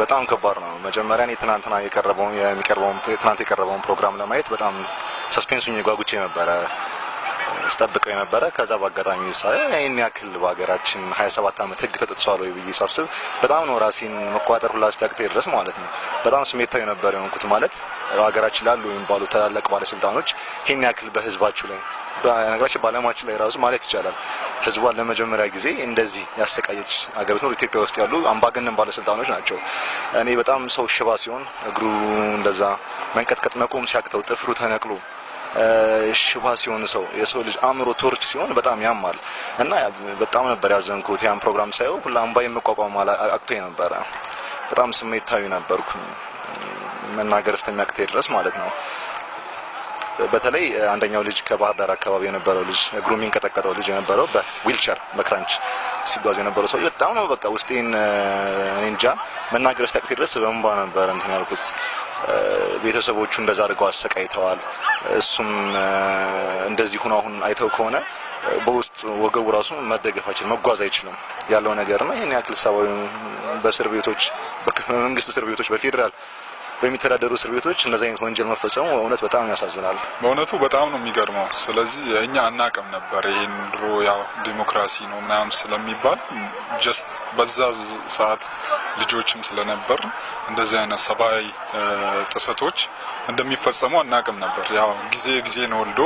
በጣም ከባድ ነው። መጀመሪያ እኔ ትናንትና የቀረበውን የሚቀርበውን ትናንት የቀረበውን ፕሮግራም ለማየት በጣም ሰስፔንሱኝ ጓጉቼ ነበረ። ስጠብቀው የነበረ ከዛ በአጋጣሚ ሳየው ይህን ያክል በሀገራችን ሰባት ዓመት ህግ ተጥሷል ወይ ብዬ ሳስብ በጣም ነው ራሴን መቆጣጠር ሁላ እስኪያቅቴ ድረስ ማለት ነው። በጣም ስሜታዊ ነበር የሆንኩት። ማለት በሀገራችን ላሉ የሚባሉ ታላላቅ ባለስልጣኖች ይህን ያክል በህዝባችሁ ላይ በነገራችን በዓለማችን ላይ ራሱ ማለት ይቻላል ህዝቧን ለመጀመሪያ ጊዜ እንደዚህ ያሰቃየች ሀገር ብትኖር ኢትዮጵያ ውስጥ ያሉ አምባገነን ባለስልጣኖች ናቸው። እኔ በጣም ሰው ሽባ ሲሆን እግሩ እንደዛ መንቀጥቀጥ መቆም ሲያቅተው ጥፍሩ ተነቅሎ ሽባ ሲሆን ሰው የሰው ልጅ አእምሮ ቶርች ሲሆን በጣም ያማል እና በጣም ነበር ያዘንኩት። ያን ፕሮግራም ሳየው ሁላ አምባይ መቋቋም አቅቶኝ ነበረ። በጣም ስሜታዊ ነበርኩ መናገር እስከሚያቅቴ ድረስ ማለት ነው። በተለይ አንደኛው ልጅ ከባህር ዳር አካባቢ የነበረው ልጅ እግሩ የሚንቀጠቀጠው ልጅ የነበረው በዊልቸር በክራንች ሲጓዝ የነበረው ሰውዬ በጣም ነው በቃ ውስጤን እንጃ መናገር እስኪያቅት ድረስ በእንባ ነበር እንትን ያልኩት። ቤተሰቦቹ እንደዛ አድርገው አሰቃይተዋል። እሱም እንደዚህ ሆኖ አሁን አይተው ከሆነ በውስጡ ወገቡ ራሱ መደገፋችን መጓዝ አይችልም ያለው ነገር ነው። ይህን ያክል ሰብአዊ በእስር ቤቶች በመንግስት እስር ቤቶች በፌዴራል በሚተዳደሩ እስር ቤቶች እነዚህ አይነት ወንጀል መፈጸሙ እውነት በጣም ያሳዝናል። በእውነቱ በጣም ነው የሚገርመው። ስለዚህ እኛ አናቅም ነበር ይህን ድሮ ያው ዲሞክራሲ ነው ምናምን ስለሚባል ጀስት በዛ ሰዓት ልጆችም ስለነበር እንደዚህ አይነት ሰብአዊ ጥሰቶች እንደሚፈጸሙ አናቅም ነበር። ያው ጊዜ ጊዜ ነው ወልዶ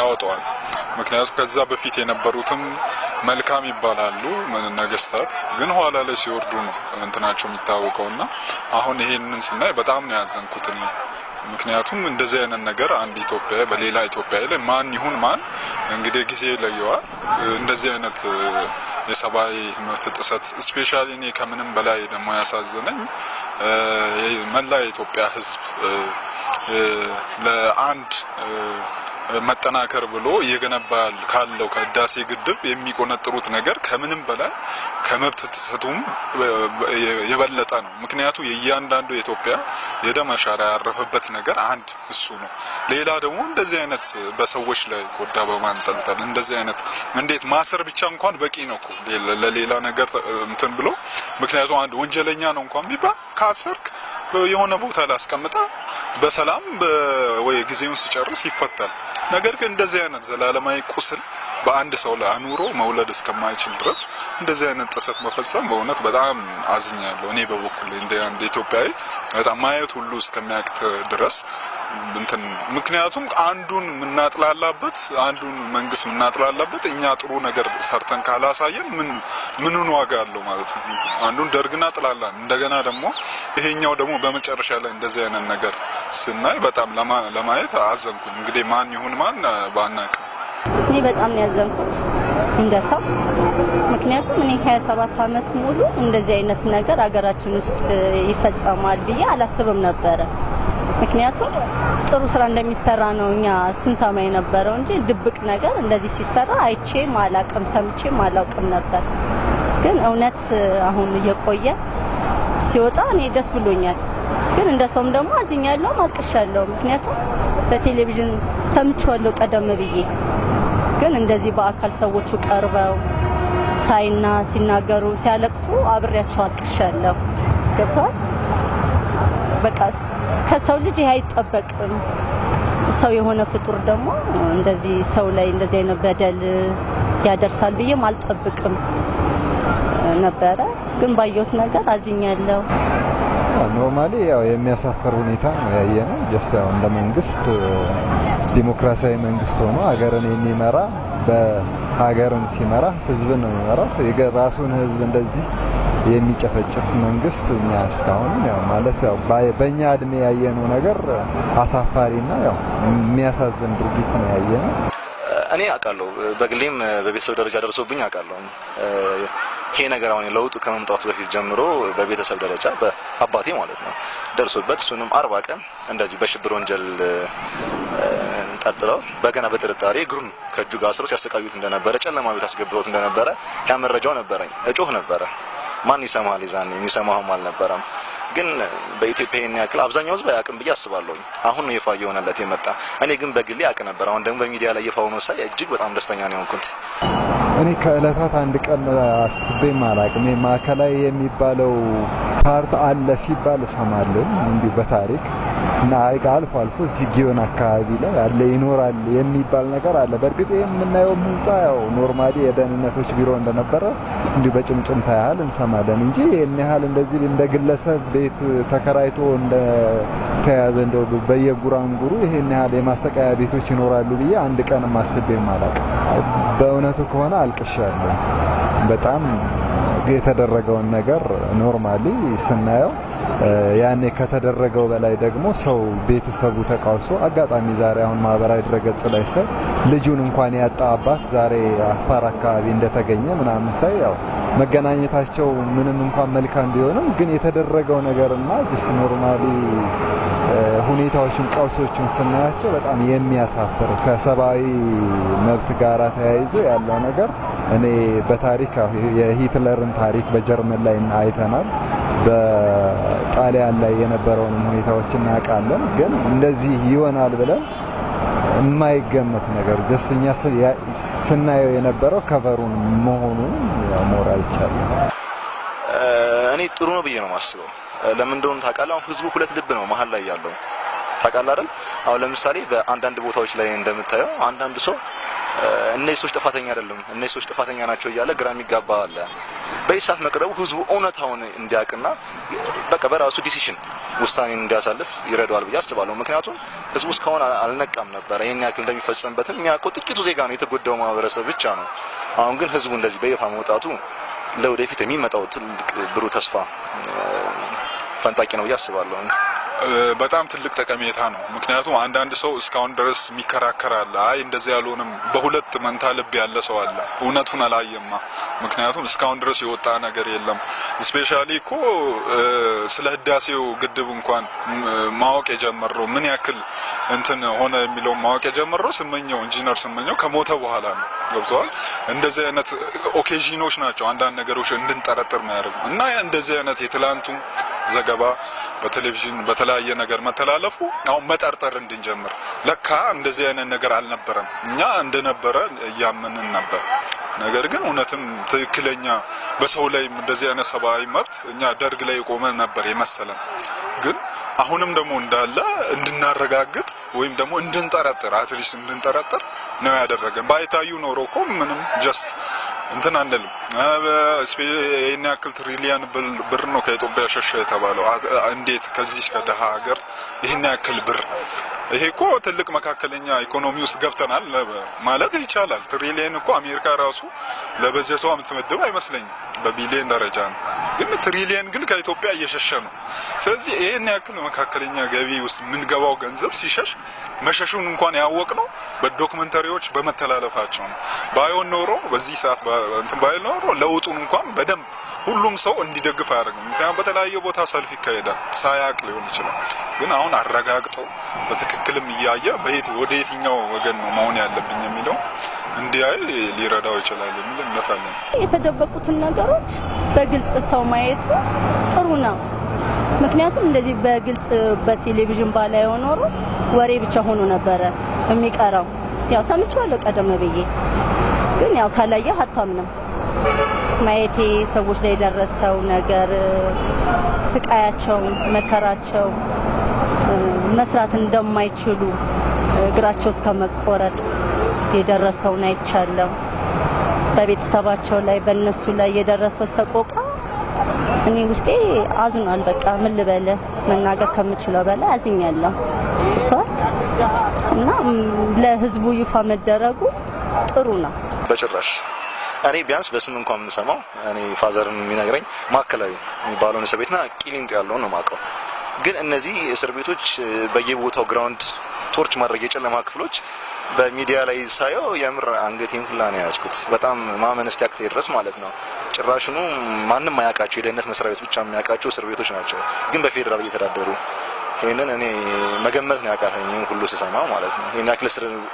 ያወጣዋል። ምክንያቱም ከዛ በፊት የነበሩትም መልካም ይባላሉ ነገስታት፣ ግን ኋላ ላይ ሲወርዱ ነው እንትናቸው የሚታወቀውና አሁን ይሄንን ስናይ በጣም ነው ያዘንኩት። ምክንያቱም እንደዚህ አይነት ነገር አንድ ኢትዮጵያ በሌላ ኢትዮጵያ ላይ ማን ይሁን ማን እንግዲህ ጊዜ ለየዋል እንደዚህ አይነት የሰብአዊ መብት ጥሰት ስፔሻሊ እኔ ከምንም በላይ ደግሞ ያሳዘነኝ መላ የኢትዮጵያ ህዝብ ለአንድ መጠናከር ብሎ እየገነባል ካለው ከህዳሴ ግድብ የሚቆነጥሩት ነገር ከምንም በላይ ከመብት ጥሰቱም የበለጠ ነው። ምክንያቱ የእያንዳንዱ የኢትዮጵያ የደም አሻራ ያረፈበት ነገር አንድ እሱ ነው። ሌላ ደግሞ እንደዚህ አይነት በሰዎች ላይ ቆዳ በማንጠልጠል እንደዚህ አይነት እንዴት ማሰር ብቻ እንኳን በቂ ነው ለሌላ ነገር እንትን ብሎ ምክንያቱም አንድ ወንጀለኛ ነው እንኳን ቢባል ካሰርክ የሆነ ቦታ ላስቀምጠ በሰላም ወይ ጊዜውን ሲጨርስ ይፈታል። ነገር ግን እንደዚህ አይነት ዘላለማዊ ቁስል በአንድ ሰው ላይ አኑሮ መውለድ እስከማይችል ድረስ እንደዚህ አይነት ጥሰት መፈጸም በእውነት በጣም አዝኛለሁ። እኔ በበኩል እንደ አንድ ኢትዮጵያዊ በጣም ማየት ሁሉ እስከሚያቅት ድረስ እንትን ምክንያቱም አንዱን የምናጥላላበት አንዱን መንግስት የምናጥላላበት እኛ ጥሩ ነገር ሰርተን ካላሳየን ምን ምኑን ዋጋ አለው ማለት ነው። አንዱን ደርግና ጥላላን እንደገና ደግሞ ይሄኛው ደግሞ በመጨረሻ ላይ እንደዚህ አይነት ነገር ስናይ በጣም ለማየት አዘንኩኝ። እንግዲህ ማን ይሁን ማን ባናቅ እኔ በጣም ነው ያዘንኩት እንደ ሰው። ምክንያቱም እኔ 27 ዓመት ሙሉ እንደዚህ አይነት ነገር አገራችን ውስጥ ይፈጸማል ብዬ አላስብም ነበረ። ምክንያቱም ጥሩ ስራ እንደሚሰራ ነው እኛ ስንሰማ የነበረው እንጂ ድብቅ ነገር እንደዚህ ሲሰራ አይቼም አላቅም ሰምቼም አላውቅም ነበር። ግን እውነት አሁን እየቆየ ሲወጣ እኔ ደስ ብሎኛል። ግን እንደ ሰውም ደግሞ አዝኛለሁ፣ አልቅሻለሁ። ምክንያቱም በቴሌቪዥን ሰምቼዋለሁ ቀደም ብዬ ግን እንደዚህ በአካል ሰዎቹ ቀርበው ሳይና ሲናገሩ ሲያለቅሱ አብሬያቸው አልቅሻለሁ። ገብቷል። በቃ ከሰው ልጅ ይህ አይጠበቅም። ሰው የሆነ ፍጡር ደግሞ እንደዚህ ሰው ላይ እንደዚህ አይነት በደል ያደርሳል ብዬም አልጠብቅም ነበረ። ግን ባየሁት ነገር አዝኛለሁ። ኖርማሊ ያው የሚያሳፍር ሁኔታ ነው ያየነው። ጀስት እንደ መንግስት ዲሞክራሲያዊ መንግስት ሆኖ ሀገርን የሚመራ በሀገርን ሲመራ ህዝብን ነው የሚመራው። ራሱን ህዝብ እንደዚህ የሚጨፈጭፍ መንግስት እኛ እስካሁን ያው ማለት ያው በእኛ እድሜ ያየነው ነገር አሳፋሪና ያው የሚያሳዝን ድርጊት ነው ያየነው። እኔ አውቃለሁ፣ በግሌም በቤተሰብ ደረጃ ደርሶብኝ አውቃለሁ። ይሄ ነገር አሁን ለውጡ ከመምጣቱ በፊት ጀምሮ በቤተሰብ ደረጃ በአባቴ ማለት ነው ደርሶበት እሱንም አርባ ቀን እንደዚህ በሽብር ወንጀል ቀጥለው በገና በጥርጣሬ እግሩን ከእጁ ጋር አስረው ሲያሰቃዩት እንደነበረ ጨለማ ቤት አስገብሮት እንደነበረ ያ መረጃው ነበረኝ። እጮህ ነበረ። ማን ይሰማል? ይዛኔ የሚሰማህም አልነበረም። ግን በኢትዮጵያ ይህን ያክል አብዛኛው ህዝብ አያውቅም ብዬ አስባለሁኝ። አሁን ነው ይፋ የሆነለት የመጣ። እኔ ግን በግሌ አውቅ ነበር። አሁን ደግሞ በሚዲያ ላይ ይፋው ሳይ እጅግ በጣም ደስተኛ ነው የሆንኩት። እኔ ከእለታት አንድ ቀን አስቤም አላውቅም። ማዕከላዊ የሚባለው ፓርት አለ ሲባል እሰማለሁ እንዲሁ በታሪክ እና አልፎ አልፎ እዚህ ጊዮን አካባቢ ላይ አለ ይኖራል የሚባል ነገር አለ። በእርግጥ የምናየው ህንፃ ያው ኖርማሊ የደህንነቶች ቢሮ እንደነበረ እንዲሁ በጭምጭምታ ያህል እንሰማለን እንጂ ይህን ያህል እንደዚህ እንደ ግለሰብ ቤት ተከራይቶ እንደተያያዘ እንደው በየጉራንጉሩ ይህን ያህል የማሰቃያ ቤቶች ይኖራሉ ብዬ አንድ ቀን ማስቤ ማላቅ በእውነቱ ከሆነ አልቅሻለሁ። በጣም የተደረገውን ነገር ኖርማሊ ስናየው ያኔ ከተደረገው በላይ ደግሞ ሰው ቤተሰቡ ተቃውሶ አጋጣሚ ዛሬ አሁን ማህበራዊ ድረገጽ ላይ ሳይ ልጁን እንኳን ያጣ አባት ዛሬ አፋር አካባቢ እንደተገኘ ምናምን ሳይ ያው መገናኘታቸው ምንም እንኳን መልካም ቢሆንም ግን የተደረገው ነገርና ጅስ ኖርማሊ ሁኔታዎችን ቀውሶቹን ስናያቸው በጣም የሚያሳፍር ከሰብአዊ መብት ጋር ተያይዞ ያለው ነገር እኔ በታሪክ የሂትለርን ታሪክ በጀርመን ላይ አይተናል። በጣሊያን ላይ የነበረውን ሁኔታዎች እናውቃለን። ግን እንደዚህ ይሆናል ብለን የማይገመት ነገር ጀስተኛ ስናየው የነበረው ከቨሩን መሆኑን ሞር አይቻልም። እኔ ጥሩ ነው ብዬ ነው የማስበው። ለምን እንደሆነ ታውቃለህ? አሁን ህዝቡ ሁለት ልብ ነው መሀል ላይ ያለው ታውቃለህ አይደል? አሁን ለምሳሌ በአንዳንድ ቦታዎች ላይ እንደምታየው አንዳንድ ሰው እነዚህ ሰዎች ጥፋተኛ አይደለም፣ እነዚህ ሰዎች ጥፋተኛ ናቸው እያለ ግራ የሚጋባ አለ። በዚህ ሰዓት መቅረቡ ህዝቡ እውነታውን እንዲያውቅና በቃ በራሱ ዲሲሽን ውሳኔን እንዲያሳልፍ ይረዳዋል ብዬ አስባለሁ። ምክንያቱም ህዝቡ እስካሁን አልነቃም ነበረ። ይህን ያክል እንደሚፈጸምበትም የሚያውቀው ጥቂቱ ዜጋ ነው፣ የተጎዳው ማህበረሰብ ብቻ ነው። አሁን ግን ህዝቡ እንደዚህ በይፋ መውጣቱ ለወደፊት የሚመጣው ትልቅ ብሩህ ተስፋ ፈንጣቂ ነው ብዬ አስባለሁ። በጣም ትልቅ ጠቀሜታ ነው። ምክንያቱም አንዳንድ ሰው እስካሁን ድረስ የሚከራከራል። አይ እንደዚህ ያልሆንም፣ በሁለት መንታ ልብ ያለ ሰው አለ። እውነቱን አላየማ። ምክንያቱም እስካሁን ድረስ የወጣ ነገር የለም። ስፔሻ እኮ ስለ ህዳሴው ግድብ እንኳን ማወቅ የጀመረው ምን ያክል እንትን ሆነ የሚለውን ማወቅ የጀመረው ስመኘው ኢንጂነር ስመኘው ከሞተ በኋላ ነው። ገብተዋል። እንደዚህ አይነት ኦኬዥኖች ናቸው አንዳንድ ነገሮች እንድንጠረጥር የሚያደርጉ እና እንደዚህ አይነት የትላንቱ ዘገባ በቴሌቪዥን በተለያየ ነገር መተላለፉ አሁን መጠርጠር እንድንጀምር ለካ እንደዚህ አይነት ነገር አልነበረም፣ እኛ እንደነበረ እያመንን ነበር። ነገር ግን እውነትም ትክክለኛ በሰው ላይ እንደዚህ አይነት ሰብአዊ መብት እኛ ደርግ ላይ የቆመ ነበር የመሰለን ግን አሁንም ደግሞ እንዳለ እንድናረጋግጥ ወይም ደግሞ እንድንጠረጥር አትሊስት እንድንጠረጥር ነው ያደረገን። ባይታዩ ኖሮ እኮ ምንም ጀስት እንትን አንልም። ይህን ያክል ትሪሊየን ብር ነው ከኢትዮጵያ ሸሸ የተባለው። እንዴት ከዚህ ከደሃ ሀገር ይህን ያክል ብር ይሄ እኮ ትልቅ መካከለኛ ኢኮኖሚ ውስጥ ገብተናል ማለት ይቻላል። ትሪሊየን እኮ አሜሪካ ራሱ ለበጀቷ የምትመድብ አይመስለኝም። በቢሊየን ደረጃ ነው፣ ግን ትሪሊየን ግን ከኢትዮጵያ እየሸሸ ነው። ስለዚህ ይህን ያክል መካከለኛ ገቢ ውስጥ የምንገባው ገንዘብ ሲሸሽ መሸሹን እንኳን ያወቅ ነው በዶክመንተሪዎች በመተላለፋቸው ነው። ባይሆን ኖሮ በዚህ ሰዓት እንትን ኖሮ ለውጡን እንኳን በደንብ ሁሉም ሰው እንዲደግፍ አያደርግም። ምክንያቱም በተለያየ ቦታ ሰልፍ ይካሄዳል። ሳያቅ ሊሆን ይችላል። ግን አሁን አረጋግጦ በትክክልም እያየ በየት ወደ የትኛው ወገን ነው መሆን ያለብኝ የሚለው እንዲያይ ሊረዳው ይችላል የሚል እምነት አለ። የተደበቁትን ነገሮች በግልጽ ሰው ማየቱ ጥሩ ነው። ምክንያቱም እንደዚህ በግልጽ በቴሌቪዥን ባላ ኖሮ ወሬ ብቻ ሆኖ ነበረ የሚቀረው። ያው ሰምቼዋለሁ ቀደም ብዬ፣ ግን ያው ካላየ አታምንም። ማየቴ ሰዎች ላይ የደረሰው ነገር ስቃያቸው፣ መከራቸው መስራት እንደማይችሉ እግራቸው እስከ መቆረጥ የደረሰውን አይቻለሁ። በቤተሰባቸው ላይ በእነሱ ላይ የደረሰው ሰቆቃ እኔ ውስጤ አዝኗል። በቃ ምን ልበለ መናገር ከምችለው በላይ አዝኛለሁ። እና ለህዝቡ ይፋ መደረጉ ጥሩ ነው በጭራሽ እኔ ቢያንስ በስም እንኳን የምሰማው እኔ ፋዘርን የሚነግረኝ ማዕከላዊ የሚባለውን እስር ቤትና ቂሊንጦ ያለውን ነው የማውቀው። ግን እነዚህ እስር ቤቶች በየቦታው ግራውንድ ቶርች ማድረግ የጨለማ ክፍሎች በሚዲያ ላይ ሳየው የምር አንገቴን ሁላ ነው የያዝኩት። በጣም ማመን እስኪያቅት ድረስ ማለት ነው። ጭራሽኑ ማንም አያውቃቸው የደህንነት መስሪያ ቤት ብቻ የሚያውቃቸው እስር ቤቶች ናቸው፣ ግን በፌዴራል እየተዳደሩ ይህንን እኔ መገመት ነው ያቃተኝ ሁሉ ስሰማ ማለት ነው። ይህን ያክል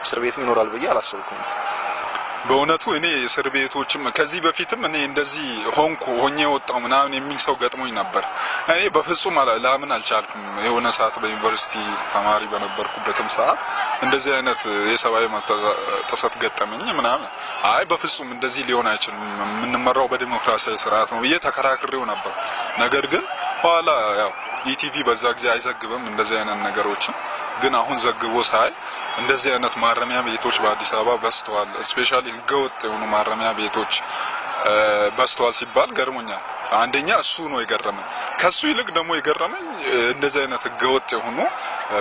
እስር ቤትም ይኖራል ብዬ አላሰብኩም። በእውነቱ እኔ እስር ቤቶችም ከዚህ በፊትም እኔ እንደዚህ ሆንኩ ሆኜ ወጣው ምናምን የሚል ሰው ገጥሞኝ ነበር። እኔ በፍጹም ላምን አልቻልኩም። የሆነ ሰዓት በዩኒቨርሲቲ ተማሪ በነበርኩበትም ሰዓት እንደዚህ አይነት የሰብአዊ መብት ጥሰት ገጠመኝ ምናምን፣ አይ በፍጹም እንደዚህ ሊሆን አይችልም፣ የምንመራው በዲሞክራሲያዊ ስርዓት ነው ብዬ ተከራክሬው ነበር። ነገር ግን በኋላ ያው ኢቲቪ በዛ ጊዜ አይዘግብም እንደዚህ አይነት ነገሮችን ግን አሁን ዘግቦ ሳይ እንደዚህ አይነት ማረሚያ ቤቶች በአዲስ አበባ በስተዋል። ስፔሻሊ ህገወጥ የሆኑ ማረሚያ ቤቶች በስተዋል ሲባል ገርሞኛል። አንደኛ እሱ ነው የገረመኝ። ከሱ ይልቅ ደግሞ የገረመኝ እንደዚህ አይነት ህገወጥ የሆኑ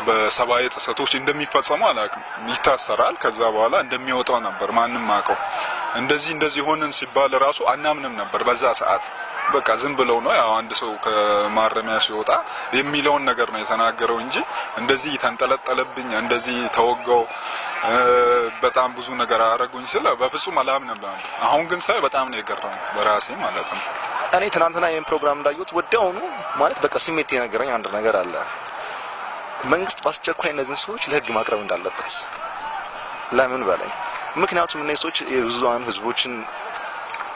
በሰብአዊ ጥሰቶች እንደሚፈጸሙ አላውቅም። ይታሰራል፣ ከዛ በኋላ እንደሚወጣው ነበር ማንም አውቀው እንደዚህ እንደዚህ ሆንን ሲባል ራሱ አናምንም ነበር በዛ ሰዓት። በቃ ዝም ብለው ነው ያው አንድ ሰው ከማረሚያ ሲወጣ የሚለውን ነገር ነው የተናገረው እንጂ እንደዚህ ተንጠለጠለብኝ፣ እንደዚህ ተወጋው፣ በጣም ብዙ ነገር አረጉኝ ስለ በፍጹም አላምንም። አሁን ግን ሳይ በጣም ነው የገረመኝ በራሴ ማለት ነው። እኔ ትናንትና ይህን ፕሮግራም እንዳየሁት ወዲያውኑ ማለት በቃ ስሜት የነገረኝ አንድ ነገር አለ። መንግስት በአስቸኳይ እነዚህን ሰዎች ለህግ ማቅረብ እንዳለበት ለምን በላይ ምክንያቱም እነዚህ ሰዎች የብዙሃን ህዝቦችን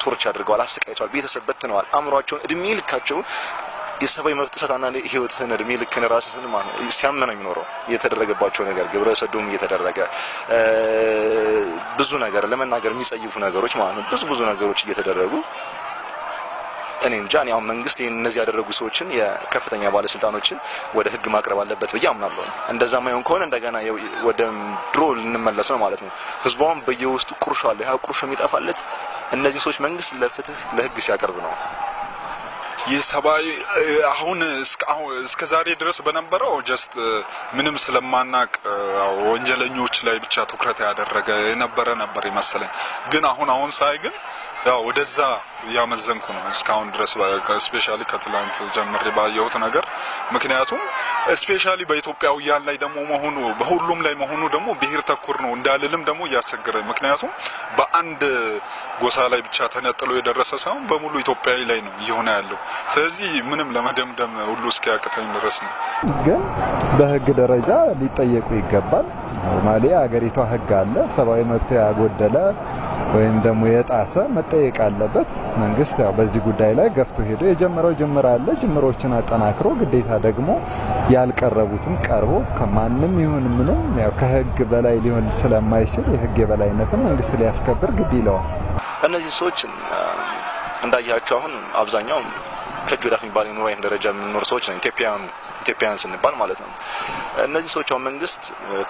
ቶርች አድርገዋል፣ አሰቃይተዋል፣ ቤተሰብ በትነዋል፣ አእምሯቸውን እድሜ ልካቸው የሰብአዊ መብት ጥሰት ህይወትን እድሜ ልክን ራስን ሲያመን ነው የሚኖረው። የተደረገባቸው ነገር ግብረ ሰዶም እየተደረገ ብዙ ነገር ለመናገር የሚጸይፉ ነገሮች ማለት ነው። ብዙ ብዙ ነገሮች እየተደረጉ እኔ እንጃ እኔ አሁን መንግስት እነዚህ ያደረጉ ሰዎችን የከፍተኛ ባለስልጣኖችን ወደ ህግ ማቅረብ አለበት ብዬ አምናለሁ። እንደዛ ማይሆን ከሆነ እንደገና ወደ ድሮ ልንመለስ ነው ማለት ነው። ህዝቧን በየውስጡ ቁርሾ አለ። ያ ቁርሾ የሚጠፋለት እነዚህ ሰዎች መንግስት ለፍትህ ለህግ ሲያቀርብ ነው። የሰብአዊ አሁን እስከ ዛሬ ድረስ በነበረው ጀስት ምንም ስለማናቅ ወንጀለኞች ላይ ብቻ ትኩረት ያደረገ የነበረ ነበር ይመስለኝ። ግን አሁን አሁን ሳይ ግን ያው ወደዛ እያመዘንኩ ነው እስካሁን ድረስ ስፔሻሊ ከትላንት ጀምሬ ባየሁት ነገር። ምክንያቱም ስፔሻሊ በኢትዮጵያውያን ላይ ደግሞ መሆኑ በሁሉም ላይ መሆኑ ደግሞ ብሔር ተኩር ነው እንዳልልም ደግሞ እያስቸገረ፣ ምክንያቱም በአንድ ጎሳ ላይ ብቻ ተነጥሎ የደረሰ ሳይሆን በሙሉ ኢትዮጵያዊ ላይ ነው እየሆነ ያለው። ስለዚህ ምንም ለመደምደም ሁሉ እስኪያቅተኝ ድረስ ነው። ግን በህግ ደረጃ ሊጠየቁ ይገባል። ኖርማሊ ሀገሪቷ ህግ አለ፣ ሰብአዊ መብት ያጎደለ ወይም ደግሞ የጣሰ መጠየቅ አለበት። መንግስት ያው በዚህ ጉዳይ ላይ ገፍቶ ሄዶ የጀመረው ጅምር አለ። ጅምሮችን አጠናክሮ ግዴታ ደግሞ ያልቀረቡትን ቀርቦ ከማንም ይሁን ምንም ያው ከህግ በላይ ሊሆን ስለማይችል የህግ የበላይነትን መንግስት ሊያስከብር ግድ ይለዋል። እነዚህ ሰዎች እንዳያቸው አሁን አብዛኛው ከእጅ ወዳፍ የሚባል የኑሮ ደረጃ የምንኖር ሰዎች ነው ኢትዮጵያውያኑ ኢትዮጵያውያን ስንባል ማለት ነው። እነዚህ ሰዎች አሁን መንግስት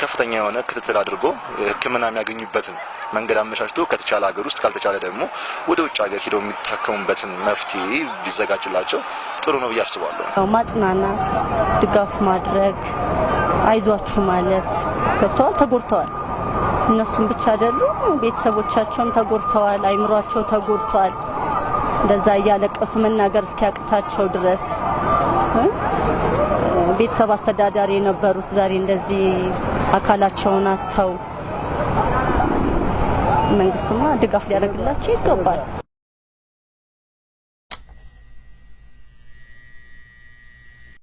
ከፍተኛ የሆነ ክትትል አድርጎ ሕክምና የሚያገኙበትን መንገድ አመቻችቶ ከተቻለ ሀገር ውስጥ ካልተቻለ ደግሞ ወደ ውጭ ሀገር ሄደው የሚታከሙበትን መፍትሄ ቢዘጋጅላቸው ጥሩ ነው ብዬ አስባለሁ። ማጽናናት፣ ድጋፍ ማድረግ፣ አይዟችሁ ማለት ገብተዋል። ተጎድተዋል። እነሱም ብቻ አይደሉም፣ ቤተሰቦቻቸውም ተጎድተዋል። አይምሯቸው ተጎድተዋል። እንደዛ እያለቀሱ መናገር እስኪያቅታቸው ድረስ ቤተሰብ አስተዳዳሪ የነበሩት ዛሬ እንደዚህ አካላቸውን አጥተው መንግስትና ድጋፍ ሊያደርግላቸው ይገባል።